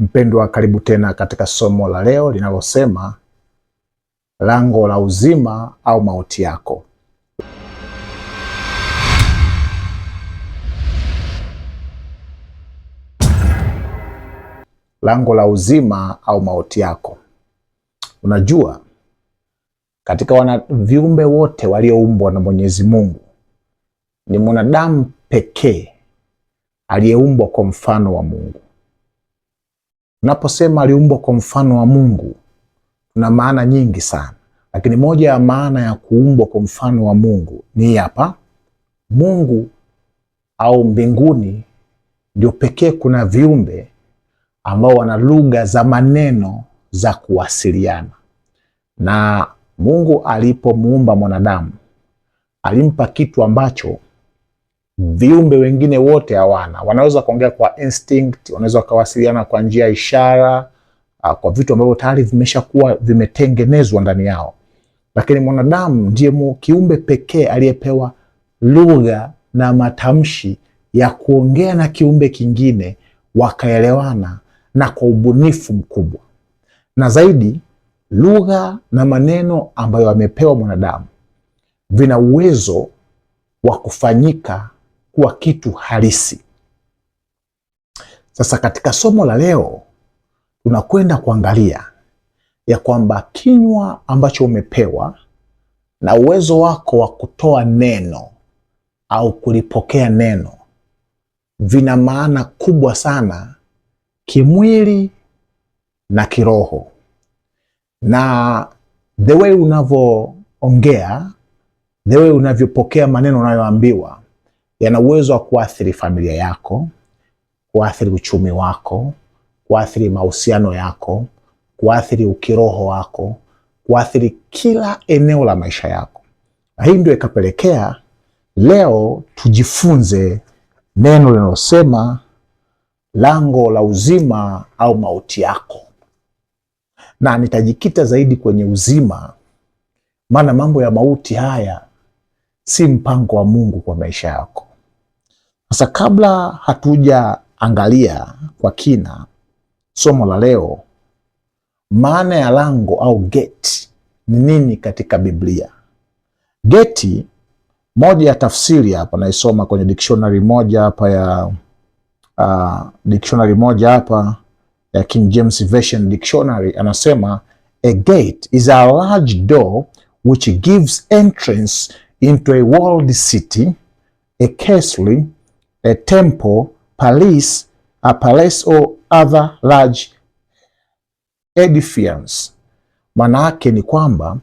Mpendwa, karibu tena katika somo la leo linalosema lango la uzima au mauti yako. Lango la uzima au mauti yako. Unajua, katika wana viumbe wote walioumbwa na Mwenyezi Mungu ni mwanadamu pekee aliyeumbwa kwa mfano wa Mungu Tunaposema aliumbwa kwa mfano wa Mungu, tuna maana nyingi sana, lakini moja ya maana ya kuumbwa kwa mfano wa Mungu ni hapa. Mungu au mbinguni ndio pekee kuna viumbe ambao wana lugha za maneno za kuwasiliana. Na Mungu alipomuumba mwanadamu alimpa kitu ambacho viumbe wengine wote hawana. Wanaweza kuongea kwa instinct, wanaweza wakawasiliana kwa njia ya ishara, ah, kwa vitu ambavyo tayari vimeshakuwa vimetengenezwa ndani yao, lakini mwanadamu ndiye kiumbe pekee aliyepewa lugha na matamshi ya kuongea na kiumbe kingine wakaelewana na kwa ubunifu mkubwa. Na zaidi, lugha na maneno ambayo amepewa mwanadamu vina uwezo wa kufanyika kuwa kitu halisi. Sasa katika somo la leo tunakwenda kuangalia ya kwamba kinywa ambacho umepewa na uwezo wako wa kutoa neno au kulipokea neno vina maana kubwa sana kimwili na kiroho, na the way unavyoongea, the way unavyopokea maneno unayoambiwa yana uwezo wa kuathiri familia yako, kuathiri uchumi wako, kuathiri mahusiano yako, kuathiri ukiroho wako, kuathiri kila eneo la maisha yako. Na hii ndio ikapelekea leo tujifunze neno linalosema lango la uzima au mauti yako, na nitajikita zaidi kwenye uzima, maana mambo ya mauti haya si mpango wa Mungu kwa maisha yako. Sasa kabla hatujaangalia kwa kina somo la leo, maana ya lango au geti ni nini katika Biblia? Geti, moja ya tafsiri hapa naisoma kwenye dictionary moja hapa ya uh, dictionary moja hapa ya King James Version Dictionary, anasema a gate is a large door which gives entrance into a walled city, a castle a temple, palace, a palace or other large edifice. Manake ni kwamba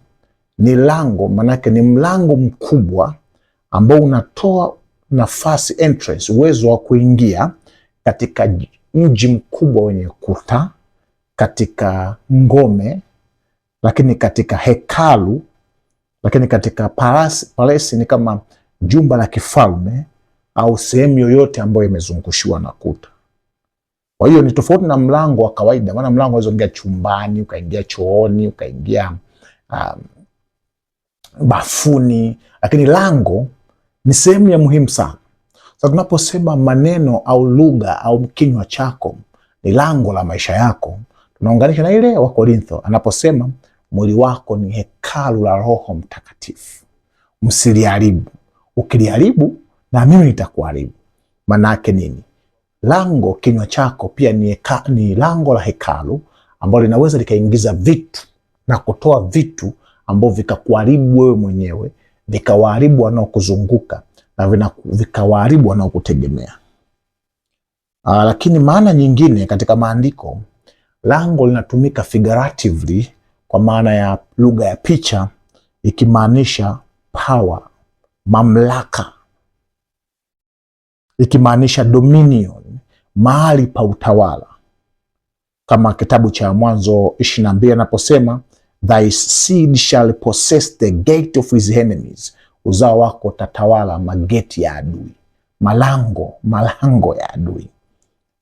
ni lango, manake ni mlango mkubwa ambao unatoa nafasi entrance, uwezo wa kuingia katika mji mkubwa wenye kuta, katika ngome, lakini katika hekalu, lakini katika palasi. Palasi ni kama jumba la kifalme au sehemu yoyote ambayo imezungushiwa na kuta. Kwa hiyo ni tofauti na mlango wa kawaida, maana mlango unaweza ingia chumbani, ukaingia chooni, ukaingia um, bafuni, lakini lango ni sehemu ya muhimu sana. Sasa tunaposema maneno au lugha au kinywa chako ni lango la maisha yako, tunaunganisha na ile wa Korintho anaposema mwili wako ni hekalu la Roho Mtakatifu, msiliharibu. Ukiliharibu na mimi nitakuharibu. Manake nini? Lango kinywa chako pia ni, eka, ni lango la hekalu ambalo linaweza likaingiza vitu na kutoa vitu ambavyo vikakuharibu wewe mwenyewe, vikawaharibu wanaokuzunguka na vikawaharibu wanaokutegemea. Uh, lakini maana nyingine katika maandiko lango linatumika figuratively kwa maana ya lugha ya picha, ikimaanisha power, mamlaka ikimaanisha dominion, mahali pa utawala, kama kitabu cha Mwanzo 22 na anaposema thy seed shall possess the gate of his enemies, uzao wako tatawala mageti ya adui, malango malango ya adui.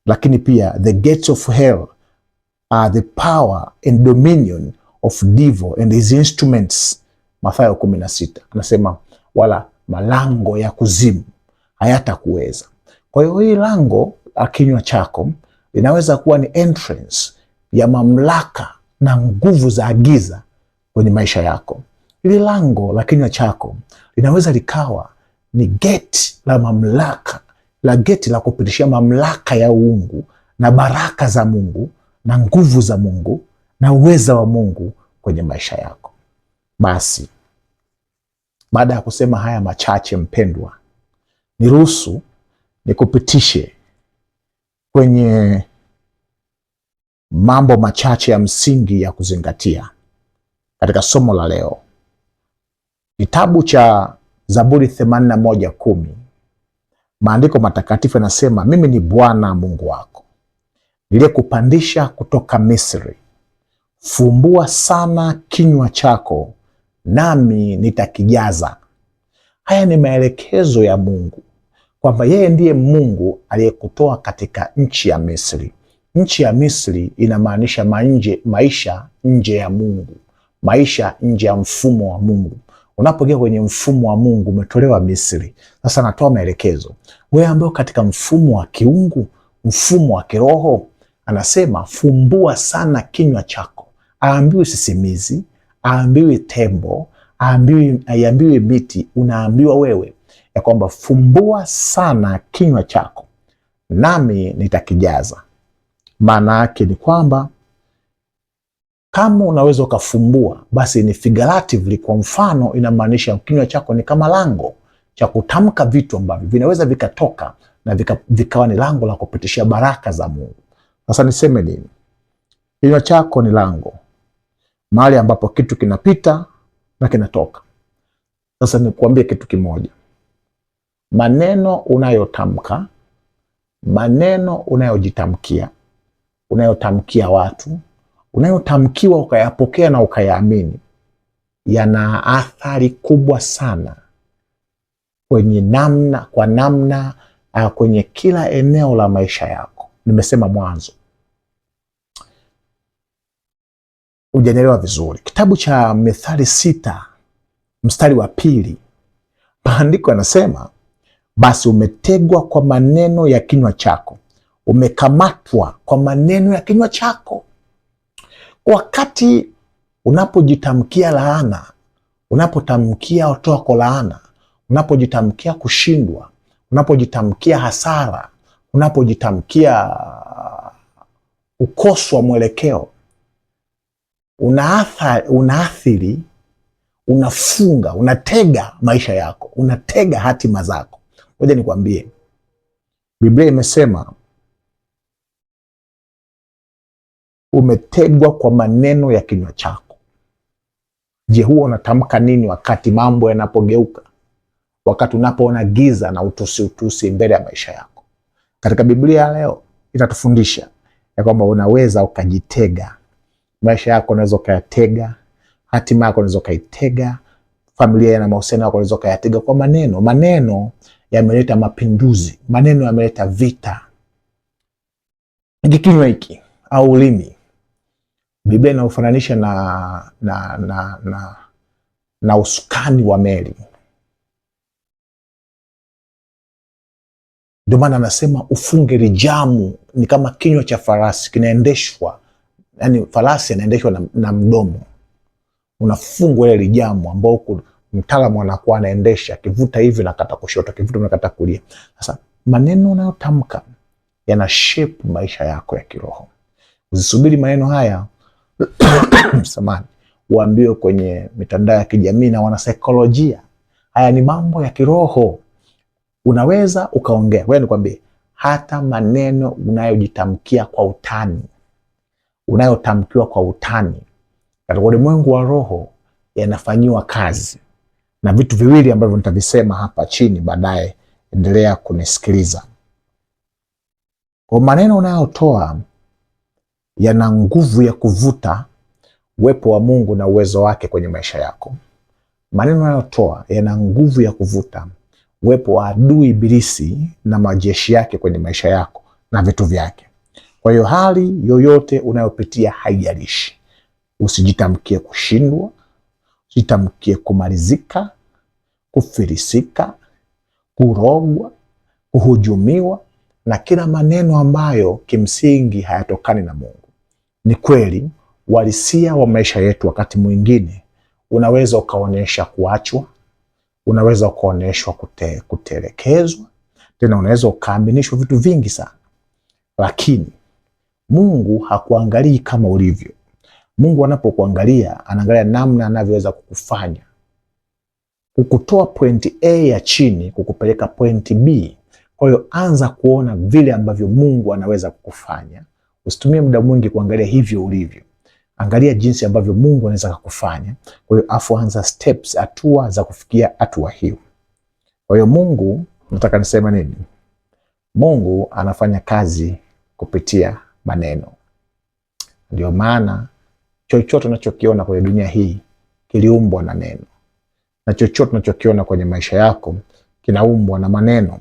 Lakini pia the gates of hell are the power and dominion of devil and his instruments. Mathayo 16 anasema wala malango ya kuzimu hayatakuweza. Kwa hiyo hii lango la kinywa chako linaweza kuwa ni entrance ya mamlaka na nguvu za giza kwenye maisha yako. Hili lango la kinywa chako linaweza likawa ni geti la mamlaka la geti la kupitishia mamlaka ya uungu na baraka za Mungu na nguvu za Mungu na uweza wa Mungu kwenye maisha yako. Basi baada ya kusema haya machache, mpendwa Niruhusu nikupitishe kwenye mambo machache ya msingi ya kuzingatia katika somo la leo. Kitabu cha Zaburi 81:10 kumi, maandiko matakatifu yanasema mimi ni Bwana Mungu wako niliyekupandisha kutoka Misri. Fumbua sana kinywa chako, nami nitakijaza. Haya ni maelekezo ya Mungu kwamba yeye ndiye Mungu aliyekutoa katika nchi ya Misri. Nchi ya Misri inamaanisha manje, maisha nje ya Mungu, maisha nje ya mfumo wa Mungu. Unapoingia kwenye mfumo wa Mungu, umetolewa Misri. Sasa anatoa maelekezo, wewe ambayo katika mfumo wa kiungu, mfumo wa kiroho, anasema fumbua sana kinywa chako. Aambiwi sisimizi, aambiwi tembo, aambiwi, aiambiwi biti, unaambiwa wewe ya kwamba fumbua sana kinywa chako nami nitakijaza. Maana yake ni kwamba kama unaweza ukafumbua, basi ni figuratively. Kwa mfano, inamaanisha kinywa chako ni kama lango cha kutamka vitu ambavyo vinaweza vikatoka na vika, vikawa ni lango la kupitishia baraka za Mungu. Sasa niseme nini? Kinywa chako ni lango, mahali ambapo kitu kinapita na kinatoka. Sasa nikuambie kitu kimoja, maneno unayotamka, maneno unayojitamkia, unayotamkia watu, unayotamkiwa ukayapokea na ukayaamini, yana athari kubwa sana kwenye namna kwa namna, ah, kwenye kila eneo la maisha yako. Nimesema mwanzo hujanielewa vizuri. Kitabu cha Methali sita mstari wa pili maandiko yanasema, basi umetegwa kwa maneno ya kinywa chako, umekamatwa kwa maneno ya kinywa chako. Wakati unapojitamkia laana, unapotamkia otoko laana, unapojitamkia kushindwa, unapojitamkia hasara, unapojitamkia ukoswa wa mwelekeo unaathiri, unaathiri, unafunga, unatega maisha yako, unatega hatima zako. Ngoja nikwambie, Biblia imesema umetegwa kwa maneno ya kinywa chako. Je, huwa unatamka nini wakati mambo yanapogeuka, wakati unapoona giza na utusi utusi mbele ya maisha yako? Katika Biblia leo itatufundisha ya kwamba unaweza ukajitega maisha yako unaweza ukayatega, hatima yako unaweza ukaitega, familia na mahusiano yako unaweza ukayatega kwa maneno. Maneno yameleta mapinduzi, maneno yameleta vita. kinywa hiki au ulimi, Biblia inaufananisha na, na, na, na, na usukani wa meli. Ndio maana anasema ufunge lijamu, ni kama kinywa cha farasi kinaendeshwa yani farasi anaendeshwa na, na mdomo unafungwa ile lijamu ambao mtaalamu anakuwa anaendesha akivuta hivi nakata kushoto, akivuta nakata kulia. Sasa maneno unayotamka yana shape maisha yako ya kiroho. Usisubiri maneno haya samani uambiwe kwenye mitandao ya kijamii na wanasaikolojia. Haya ni mambo ya kiroho, unaweza ukaongea wewe. Nikwambie, hata maneno unayojitamkia kwa utani unayotamkiwa kwa utani katika ulimwengu wa roho yanafanyiwa kazi, na vitu viwili ambavyo nitavisema hapa chini baadaye. Endelea kunisikiliza. Kwa maneno unayotoa yana nguvu ya kuvuta uwepo wa Mungu na uwezo wake kwenye maisha yako. Maneno unayotoa yana nguvu ya kuvuta uwepo wa adui Ibilisi na majeshi yake kwenye maisha yako na vitu vyake. Kwa hiyo hali yoyote unayopitia haijalishi, usijitamkie kushindwa, usijitamkie kumalizika, kufilisika, kurogwa, kuhujumiwa na kila maneno ambayo kimsingi hayatokani na Mungu. Ni kweli uhalisia wa maisha yetu, wakati mwingine unaweza ukaonyesha kuachwa, unaweza ukaonyeshwa kute, kutelekezwa, tena unaweza ukaaminishwa vitu vingi sana, lakini Mungu hakuangalii kama ulivyo. Mungu anapokuangalia anaangalia namna anavyoweza kukufanya kukutoa pointi A ya chini kukupeleka pointi B. Kwa hiyo anza kuona vile ambavyo Mungu anaweza kukufanya. Usitumie muda mwingi kuangalia hivyo ulivyo, angalia jinsi ambavyo Mungu anaweza kukufanya. Kwa hiyo afu anza steps, hatua za kufikia hatua hiyo. Kwa hiyo Mungu, nataka nisema nini? Mungu anafanya kazi kupitia maneno. Ndio maana chochote unachokiona kwenye dunia hii kiliumbwa na neno, na chochote unachokiona kwenye maisha yako kinaumbwa na maneno,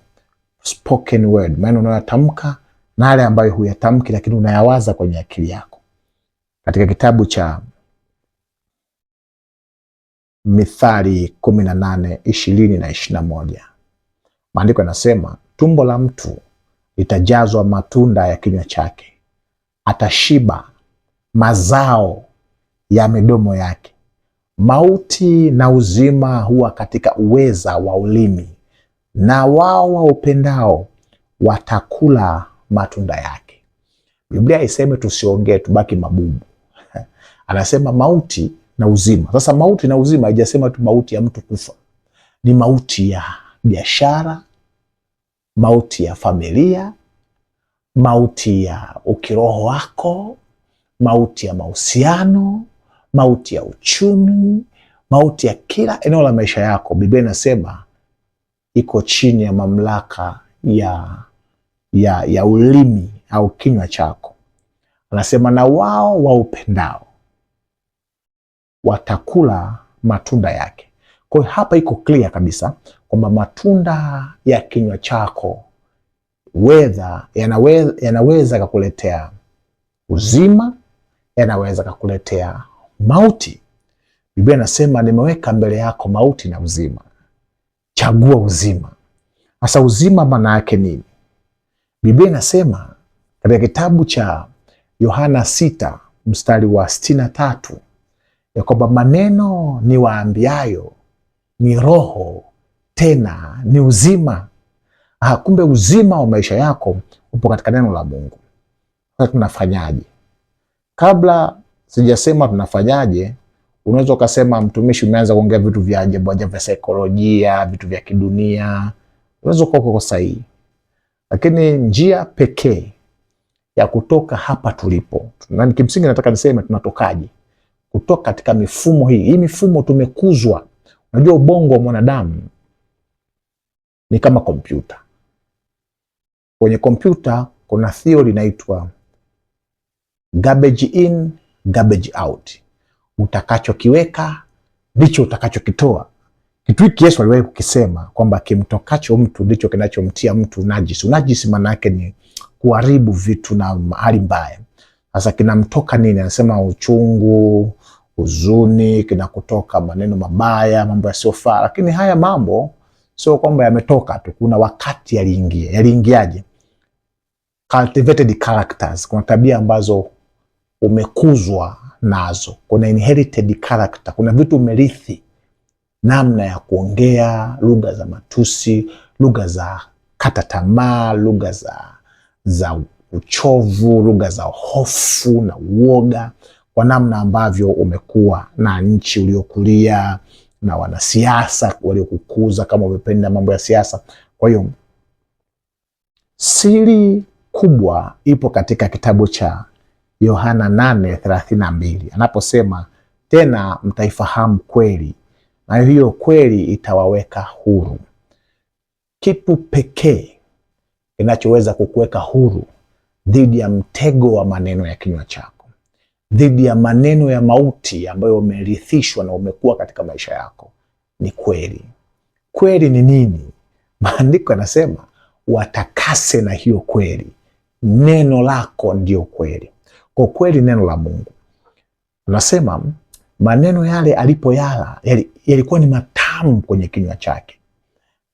spoken word, maneno unayotamka na yale ambayo huyatamki, lakini unayawaza kwenye akili yako. Katika kitabu cha Mithali kumi na nane ishirini na ishirini na moja maandiko yanasema tumbo la mtu litajazwa matunda ya kinywa chake atashiba mazao ya midomo yake. Mauti na uzima huwa katika uweza wa ulimi, na wao waupendao watakula matunda yake. Biblia iseme tusiongee, tubaki mabubu anasema mauti na uzima. Sasa mauti na uzima haijasema tu mauti ya mtu kufa, ni mauti ya biashara, mauti ya familia mauti ya ukiroho wako, mauti ya mahusiano, mauti ya uchumi, mauti ya kila eneo la maisha yako. Biblia inasema iko chini ya mamlaka ya, ya, ya ulimi au kinywa chako. Anasema na wao waupendao watakula matunda yake. Kwa hiyo hapa iko clear kabisa kwamba matunda ya kinywa chako wedha yanaweza, yanaweza kakuletea uzima, yanaweza kakuletea mauti. Biblia inasema nimeweka mbele yako mauti na uzima, chagua uzima. Sasa uzima maana yake nini? Biblia inasema katika kitabu cha Yohana sita mstari wa sitini na tatu ya kwamba maneno ni waambiayo ni roho tena ni uzima. Ah, kumbe uzima wa maisha yako upo katika neno la Mungu. Sasa tunafanyaje? Kabla sijasema tunafanyaje, unaweza ukasema mtumishi, umeanza kuongea vitu vya ajabu ajabu vya saikolojia, vitu vya kidunia. Unaweza kuwa uko sahihi, lakini njia pekee ya kutoka hapa tulipo, na kimsingi nataka niseme tunatokaje kutoka katika mifumo hii. Hii mifumo tumekuzwa. Unajua, ubongo wa mwanadamu ni kama kompyuta Kwenye kompyuta kuna theory inaitwa garbage in, garbage out, utakachokiweka ndicho utakachokitoa. Kitu hiki Yesu aliwahi kukisema kwamba kimtokacho mtu ndicho kinachomtia mtu unajisi. Unajisi maana yake ni kuharibu vitu na hali mbaya. Sasa kinamtoka nini? Anasema uchungu, huzuni, kinakutoka maneno mabaya, mambo yasiyofaa. Lakini haya mambo sio kwamba yametoka tu, kuna wakati yaliingia. Yaliingiaje? Cultivated characters, kuna tabia ambazo umekuzwa nazo, kuna inherited character, kuna vitu umerithi, namna ya kuongea, lugha za matusi, lugha za kata tamaa, lugha za, za uchovu, lugha za hofu na uoga, kwa namna ambavyo umekuwa na nchi uliokulia na wanasiasa waliokukuza kama umependa mambo ya siasa. Kwa hiyo siri kubwa ipo katika kitabu cha Yohana 8:32 anaposema tena mtaifahamu kweli na hiyo kweli itawaweka huru. Kitu pekee kinachoweza kukuweka huru dhidi ya mtego wa maneno ya kinywa chako dhidi ya maneno ya mauti ambayo umerithishwa na umekuwa katika maisha yako ni kweli. Kweli ni nini? Maandiko yanasema watakase na hiyo kweli, neno lako ndio kweli. Kwa kweli neno la Mungu anasema maneno yale alipoyala yalikuwa ni matamu kwenye kinywa chake.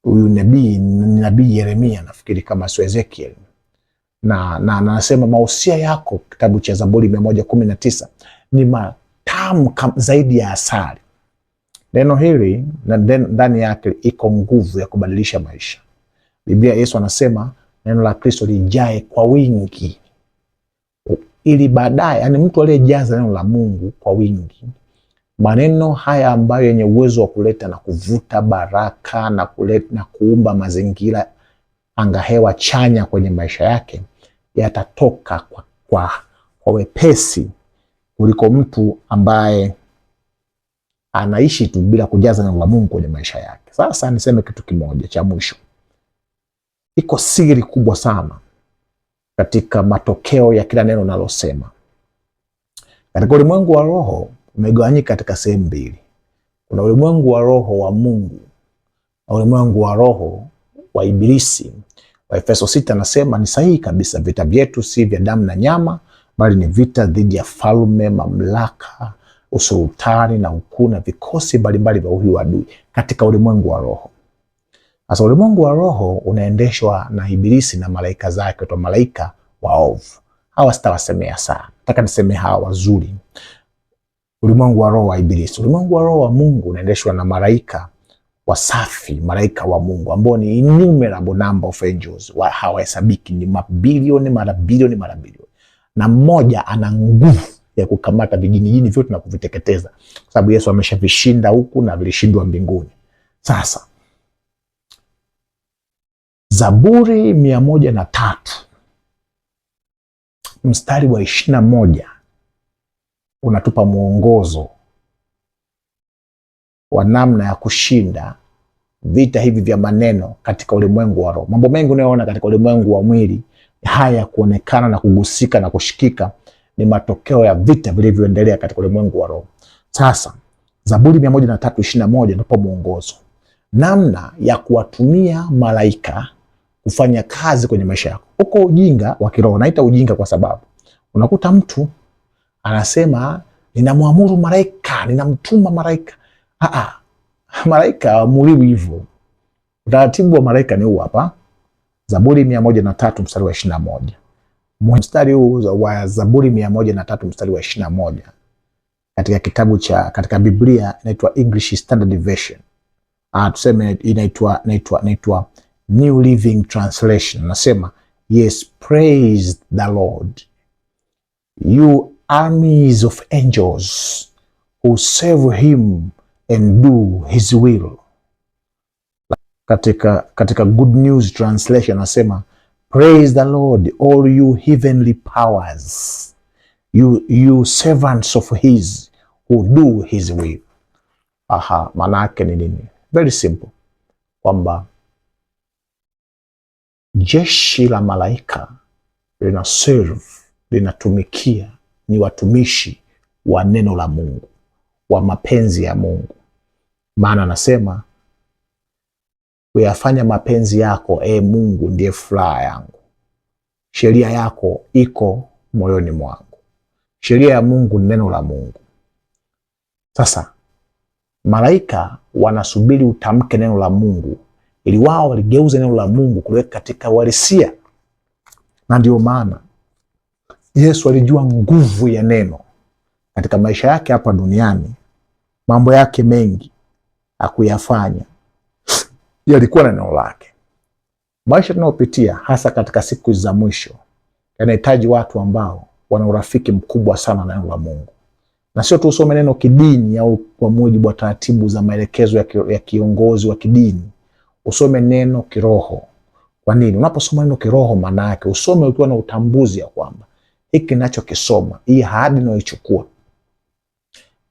Huyu nabii ni nabii Yeremia, nafikiri kama sio na anasema na, mausia yako kitabu cha Zaburi mia moja kumi na tisa ni matamu zaidi ya asali. Neno hili na ndani yake iko nguvu ya kubadilisha maisha. Biblia, Yesu anasema neno la Kristo lijae kwa wingi, ili baadaye, yani mtu aliyejaza neno la Mungu kwa wingi, maneno haya ambayo yenye uwezo wa kuleta na kuvuta baraka na kuleta na kuumba mazingira angahewa chanya kwenye maisha yake yatatoka kwa, kwa, kwa wepesi kuliko mtu ambaye anaishi tu bila kujaza neno la Mungu kwenye maisha yake. Sasa niseme kitu kimoja cha mwisho. Iko siri kubwa sana katika matokeo ya kila neno nalosema. Katika ulimwengu wa roho umegawanyika katika sehemu mbili. Kuna ulimwengu wa roho wa Mungu na ulimwengu wa roho wa Ibilisi. Waefeso sita anasema ni sahihi kabisa, vita vyetu si vya damu na nyama, bali ni vita dhidi ya falme, mamlaka, usultani na ukuu na vikosi mbalimbali vya huyu adui katika ulimwengu wa roho. Sasa ulimwengu wa roho unaendeshwa na Ibilisi na malaika zake, wa malaika waovu. Hawa sitawasemea sana, nataka niseme hawa wazuri. Ulimwengu wa roho wa Ibilisi. Ulimwengu wa roho wa Mungu unaendeshwa na malaika wasafi, malaika wa Mungu ambao ni innumerable number of angels, hawahesabiki, ni mabilioni mara bilioni mara bilioni, na mmoja ana nguvu ya kukamata vijinijini vyote na kuviteketeza, kwa sababu Yesu ameshavishinda huku na vilishindwa mbinguni. Sasa Zaburi mia moja na tatu mstari wa ishirini na moja unatupa mwongozo wa namna ya kushinda vita hivi vya maneno katika ulimwengu wa roho. Mambo mengi unayoona katika ulimwengu wa mwili haya kuonekana na kugusika na kushikika ni matokeo ya vita vilivyoendelea katika ulimwengu wa roho. Sasa Zaburi na 103:21 inapo mwongozo namna ya kuwatumia malaika kufanya kazi kwenye maisha yako. Uko ujinga wa kiroho, naita ujinga kwa sababu unakuta mtu anasema ninamwamuru malaika, ninamtuma malaika Aa, malaika hawamuliwi hivyo. Utaratibu wa malaika ni huu hapa, Zaburi mia moja na tatu mstari wa ishirini na moja. Mstari huu wa Zaburi mia moja na tatu mstari wa ishirini na moja katika kitabu cha katika Biblia inaitwa English Standard Version. Ah, tuseme inaitwa inaitwa inaitwa New Living Translation. Nasema, yes praise the Lord you armies of angels who serve him and do his will. Katika, katika Good News Translation anasema praise the Lord all you heavenly powers you, you servants of his who do his will. Aha, maana yake ni nini? Very simple kwamba jeshi la malaika lina serve linatumikia, ni watumishi wa neno la Mungu, wa mapenzi ya Mungu. Maana anasema kuyafanya mapenzi yako, e Mungu, ndiye furaha yangu, sheria yako iko moyoni mwangu. Sheria ya Mungu ni neno la Mungu. Sasa malaika wanasubiri utamke neno la Mungu, ili wao waligeuza neno la Mungu kuliweka katika uhalisia, na ndio maana Yesu alijua nguvu ya neno katika maisha yake hapa duniani, mambo yake mengi hakuyafanya, yalikuwa na neno lake. Maisha tunayopitia hasa katika siku za mwisho yanahitaji watu ambao wana urafiki mkubwa sana na neno la Mungu, na sio tu usome neno kidini au kwa mujibu wa taratibu za maelekezo ya, kiongozi wa kidini. Usome neno kiroho. Kwa nini? Unaposoma neno kiroho, maana yake usome ukiwa na utambuzi ya kwamba hiki nachokisoma hii ahadi inayoichukua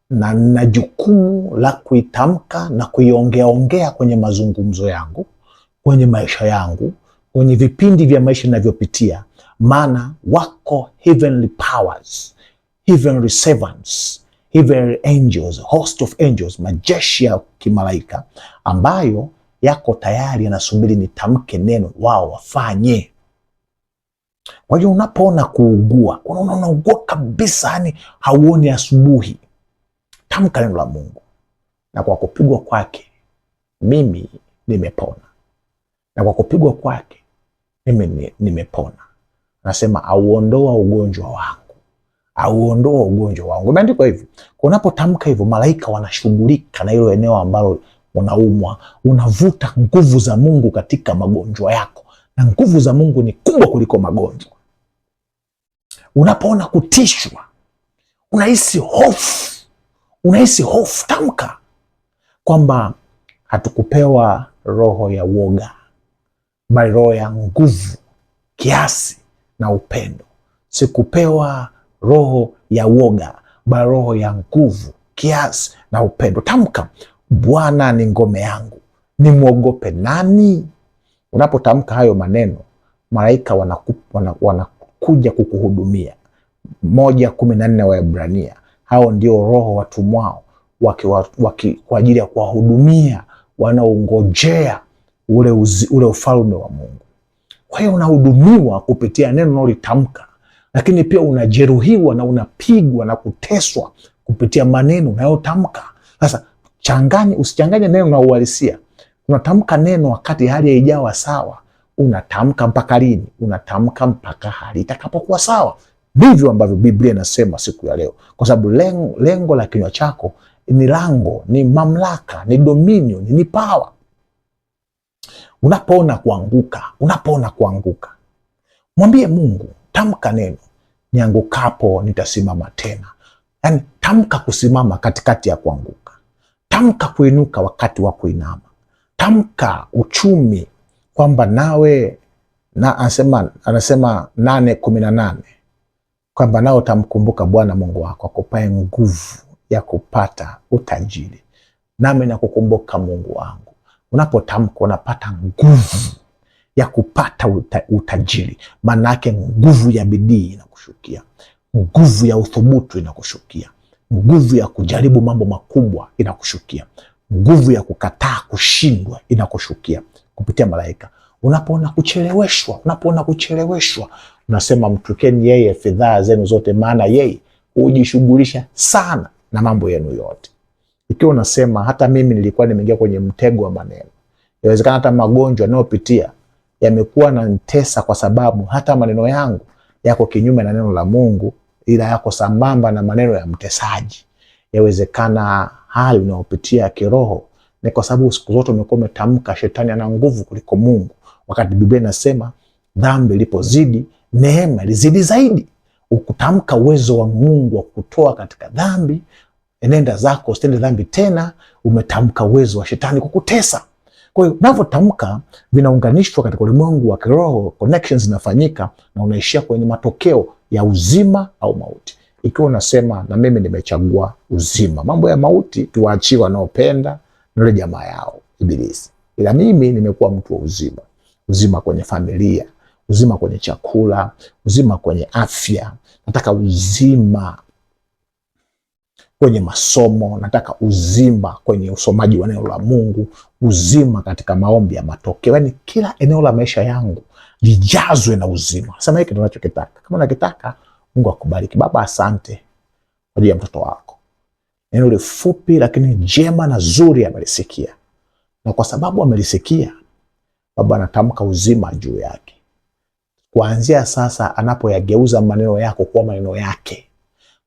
na nina jukumu la kuitamka na kuiongeaongea kwenye mazungumzo yangu, kwenye maisha yangu, kwenye vipindi vya maisha ninavyopitia, maana wako heavenly powers, heavenly servants, heavenly angels, host of angels, majeshi ya kimalaika ambayo yako tayari yanasubiri nitamke neno, wao wafanye. Kwa hiyo unapoona kuugua, unaona unaugua kabisa, yani hauoni asubuhi Tamka neno la Mungu, na kwa kupigwa kwake mimi nimepona, na kwa kupigwa kwake mimi nimepona. Anasema auondoa ugonjwa wangu, auondoa ugonjwa wangu. Imeandikwa hivyo. Unapotamka hivyo, malaika wanashughulika na hilo eneo ambalo unaumwa. Unavuta nguvu za Mungu katika magonjwa yako, na nguvu za Mungu ni kubwa kuliko magonjwa. Unapoona kutishwa, unahisi hofu unahisi hofu, tamka kwamba hatukupewa roho ya woga, bali roho ya nguvu, kiasi na upendo. Sikupewa roho ya woga, bali roho ya nguvu, kiasi na upendo. Tamka, Bwana ni ngome yangu, nimwogope nani? Unapotamka hayo maneno, malaika wana, wanakuja kukuhudumia. moja kumi na nne Waebrania hao ndio roho watumwao waki, kwa ajili ya kuwahudumia wanaongojea ule, ule ufalme wa Mungu. Kwa hiyo unahudumiwa kupitia neno unalolitamka, lakini pia unajeruhiwa na unapigwa na kuteswa kupitia maneno unayotamka. Sasa changanye, usichanganye neno na uhalisia. Unatamka neno wakati hali haijawa sawa. Unatamka mpaka lini? Unatamka mpaka hali itakapokuwa sawa. Ndivyo ambavyo Biblia inasema siku ya leo, kwa sababu lengo, lengo la kinywa chako ni lango, ni mamlaka, ni dominion, ni pawa. Unapoona kuanguka, unapoona kuanguka, mwambie Mungu, tamka neno, niangukapo nitasimama tena. Yani tamka kusimama katikati ya kuanguka, tamka kuinuka wakati wa kuinama, tamka uchumi kwamba nawe na, anasema, anasema nane kumi na nane kwamba nao utamkumbuka Bwana Mungu wako akupae nguvu ya kupata utajiri. Nami nakukumbuka Mungu wangu. Unapotamka unapata nguvu ya kupata uta, utajiri. Maana yake nguvu ya bidii inakushukia, nguvu ya uthubutu inakushukia, nguvu ya kujaribu mambo makubwa inakushukia, nguvu ya kukataa kushindwa inakushukia kupitia malaika. Unapoona kucheleweshwa, unapoona kucheleweshwa, nasema mtukeni yeye fedhaa zenu zote, maana yeye hujishughulisha sana na mambo yenu yote. Ikiwa unasema hata mimi nilikuwa nimeingia kwenye mtego wa maneno, inawezekana hata magonjwa nayopitia yamekuwa na ntesa, kwa sababu hata maneno yangu yako kinyume na neno la Mungu, ila yako sambamba na maneno ya mtesaji. Yawezekana hali unayopitia ya kiroho ni kwa sababu siku zote umekuwa umetamka shetani ana nguvu kuliko Mungu, wakati Biblia inasema dhambi ilipozidi neema lizidi zaidi, ukutamka uwezo wa Mungu wa kutoa katika dhambi. Enenda zako usitende dhambi tena. Umetamka uwezo wa shetani kukutesa. Kwa hiyo unavyotamka vinaunganishwa katika ulimwengu wa kiroho, connections zinafanyika na unaishia kwenye matokeo ya uzima au mauti. Ikiwa unasema na mimi nimechagua uzima, mambo ya mauti tuwaachie wanaopenda na ile jamaa yao Ibilisi, ila mimi nimekuwa mtu wa uzima, uzima kwenye familia uzima kwenye chakula, uzima kwenye afya, nataka uzima kwenye masomo, nataka uzima kwenye usomaji wa neno la Mungu, uzima katika maombi ya matokeo. Yani kila eneo la maisha yangu lijazwe na uzima. Sema hiki ndo nachokitaka. Kama nakitaka, Mungu akubariki. Baba, asante kwa ajili ya mtoto wako. Neno lifupi lakini jema na zuri amelisikia, na kwa sababu amelisikia, Baba, anatamka uzima juu yake. Kuanzia sasa anapoyageuza maneno yako kuwa maneno yake,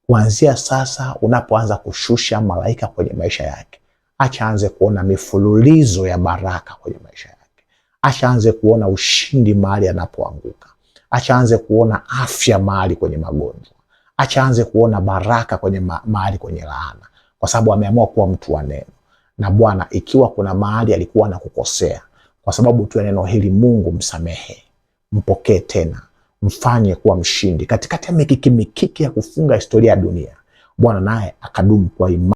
kuanzia sasa unapoanza kushusha malaika kwenye maisha yake, acha anze kuona mifululizo ya baraka kwenye maisha yake, acha anze kuona ushindi mahali anapoanguka, acha anze kuona afya mahali kwenye magonjwa, acha anze kuona baraka kwenye mahali kwenye laana, kwa sababu ameamua kuwa mtu wa neno. Na Bwana, ikiwa kuna mahali alikuwa anakukosea, kwa sababu tu ya neno hili, Mungu msamehe mpokee tena, mfanye kuwa mshindi katikati ya mikiki mikiki ya kufunga historia ya dunia. Bwana naye akadumu kwa imani.